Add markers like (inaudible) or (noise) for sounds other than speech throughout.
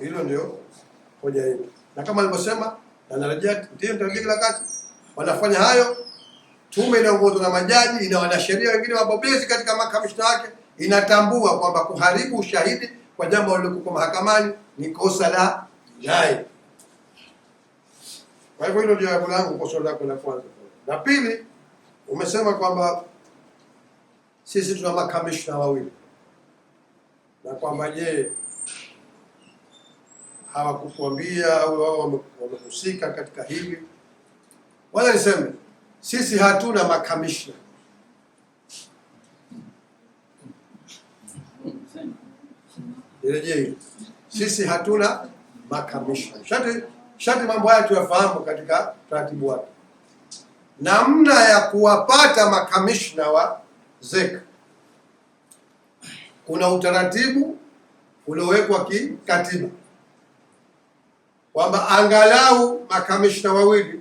Hilo ndio hoja yetu, na kama alivyosema, anarejea narejea ndio ndio kila kati wanafanya hayo. Tume inaongozwa na majaji ina wanasheria wengine wabobezi katika makamishna wake, inatambua kwamba kuharibu ushahidi kwa jambo lililoko mahakamani ni kosa la jinai. Kwa hivyo hilo ndio jambo langu kwa swali lako la kwanza. La pili, umesema kwamba sisi tuna makamishna wawili na kwamba je hawakukuambia au wao wamehusika katika hili. Wala niseme sisi hatuna makamishna, nirejee, sisi hatuna makamishna. Shati shati mambo haya tuyafahamu katika taratibu wake, namna ya kuwapata makamishna wa zek Kuna utaratibu uliowekwa kikatiba kwamba angalau makamishna wawili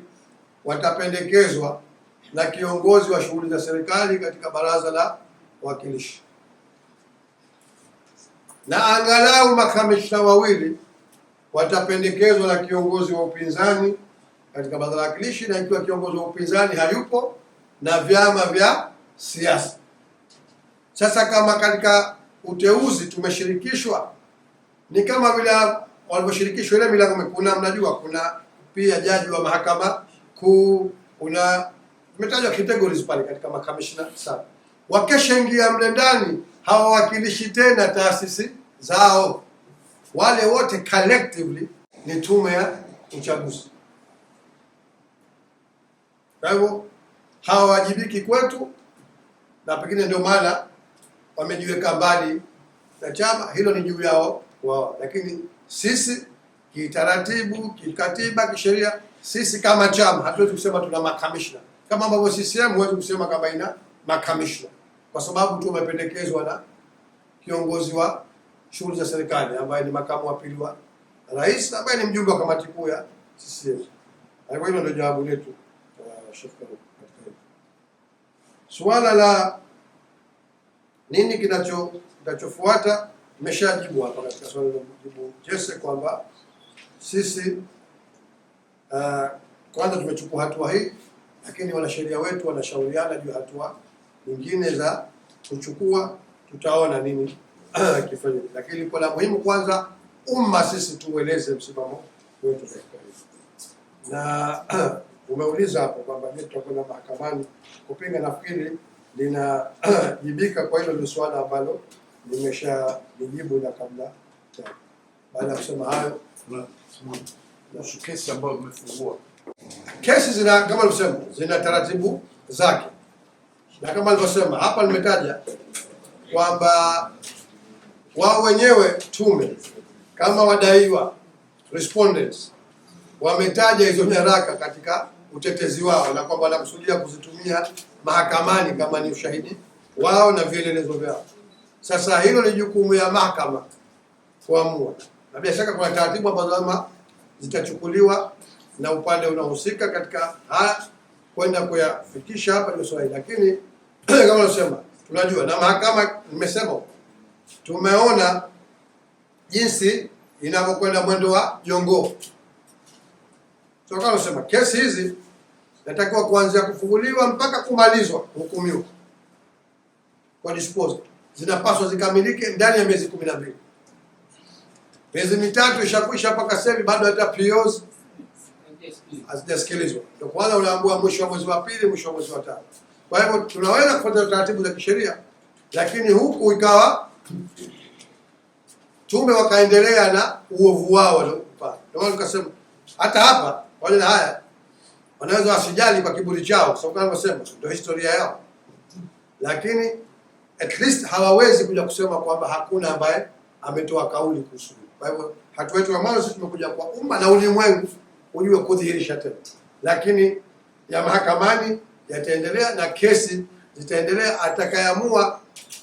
watapendekezwa na kiongozi wa shughuli za serikali katika baraza la wawakilishi, na angalau makamishna wawili watapendekezwa na kiongozi wa upinzani katika baraza la wawakilishi, na ikiwa kiongozi wa upinzani hayupo na vyama vya siasa. Sasa kama katika uteuzi tumeshirikishwa, ni kama vile walivyoshirikishwa ile milango kuna, mnajua kuna pia jaji wa mahakama kuu, kuna umetajwa categories pale katika makamishna saba. Wakeshaingia mle ndani, hawawakilishi tena taasisi zao, wale wote collectively ni tume ya uchaguzi. Kwa hivyo hawawajibiki kwetu, na pengine ndio maana wamejiweka mbali na chama hilo, ni juu yao wao, lakini sisi kitaratibu, kikatiba, kisheria, sisi kama chama hatuwezi kusema tuna makamishna, kama ambavyo CCM huwezi kusema kama ina makamishna, kwa sababu tu umependekezwa na kiongozi wa shughuli za serikali ambaye ni makamu wa pili wa rais ambaye ni mjumbe wa kamati kuu ya CCM. Kwa hilo ndio jawabu letu. Uh, Suala la nini kinacho kinachofuata Nimeshajibu hapa katika swali la mjibu Jesse kwamba sisi uh, kwanza tumechukua hatua hii, lakini wanasheria wetu wanashauriana juu hatua nyingine za kuchukua. Tutaona nini (clears throat) kifanyike, lakini kwa la muhimu kwanza, umma sisi tueleze msimamo wetu katika hili na (clears throat) umeuliza hapo kwamba je, tutakwenda mahakamani kupinga. Nafikiri linajibika (clears throat) kwa hilo, ni suala ambalo nimesha nijibu na kabla baada ya kusema hayo kesi ambayo mmefungua kesi zina kama alivyosema zina taratibu zake, na kama alivyosema hapa nimetaja kwamba wao wenyewe tume kama wadaiwa respondents wametaja hizo nyaraka katika utetezi wao, na kwamba wanakusudia kuzitumia mahakamani kama ni ushahidi wao na vielelezo vyao. Sasa hilo ni jukumu ya mahakama kuamua, na bila shaka kuna taratibu ambazo ama zitachukuliwa na upande unaohusika katika haya kwenda kuyafikisha hapa ndio swali, lakini (clears throat) kama unasema tunajua, na mahakama nimesema, tumeona jinsi inavyokwenda mwendo wa jongoo. So kama unasema kesi hizi natakiwa kuanzia kufunguliwa mpaka kumalizwa hukumiwa kwa disposal zinapaswa zikamilike ndani ya miezi kumi na mbili. Miezi mitatu ishakwisha mpaka sasa hivi bado hata POs hazijasikilizwa. Ndio kwanza unaambua mwisho wa mwezi wa pili, mwisho wa mwezi wa tatu. Kwa hivyo tunaweza kufuata taratibu za kisheria, lakini huku ikawa tume wakaendelea na uovu wao waliopata. Ndio maana nikasema hata hapa wale haya wanaweza wasijali kwa kiburi chao, sababu kama nasema ndio historia yao, lakini at least hawawezi kuja kusema kwamba hakuna ambaye ametoa kauli kuhusu. Kwa hivyo hatu wetu wa mwanzo tumekuja kwa umma na ulimwengu ujue kudhihirisha tena, lakini ya mahakamani yataendelea na kesi zitaendelea. Atakayeamua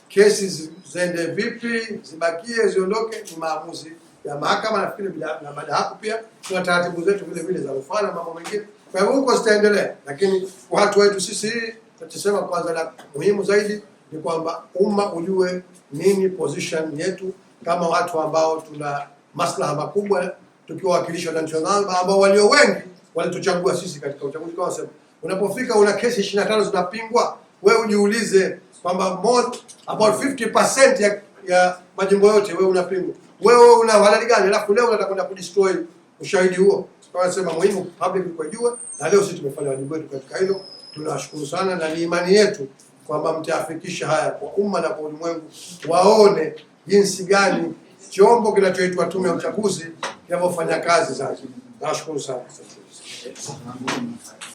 kesi ziende vipi, zibakie, ziondoke, ni maamuzi ya mahakama. Nafikiri na baada hapo pia tuna taratibu zetu vile vile za rufaa na mambo mengine. Kwa hivyo huko zitaendelea, lakini kwa watu wetu sisi tutasema kwanza, la muhimu zaidi ni kwamba umma ujue nini position yetu kama watu ambao tuna maslaha makubwa tukiwa wakilishwa na national ambao walio wengi walituchagua sisi katika uchaguzi. Kwa sababu unapofika una kesi 25 zinapingwa, wewe ujiulize kwamba more about 50% ya, ya majimbo yote wewe unapingwa, wewe una halali gani? Alafu leo unataka kwenda kudestroy ushahidi huo. Kwa Nasema muhimu public kujua, na leo sisi tumefanya wajibu wetu katika hilo. Tunawashukuru sana na ni imani yetu kwamba mtayafikisha haya kwa umma na kwa ulimwengu, waone jinsi gani chombo kinachoitwa Tume ya Uchaguzi kinavyofanya kazi. Sasa nashukuru sana.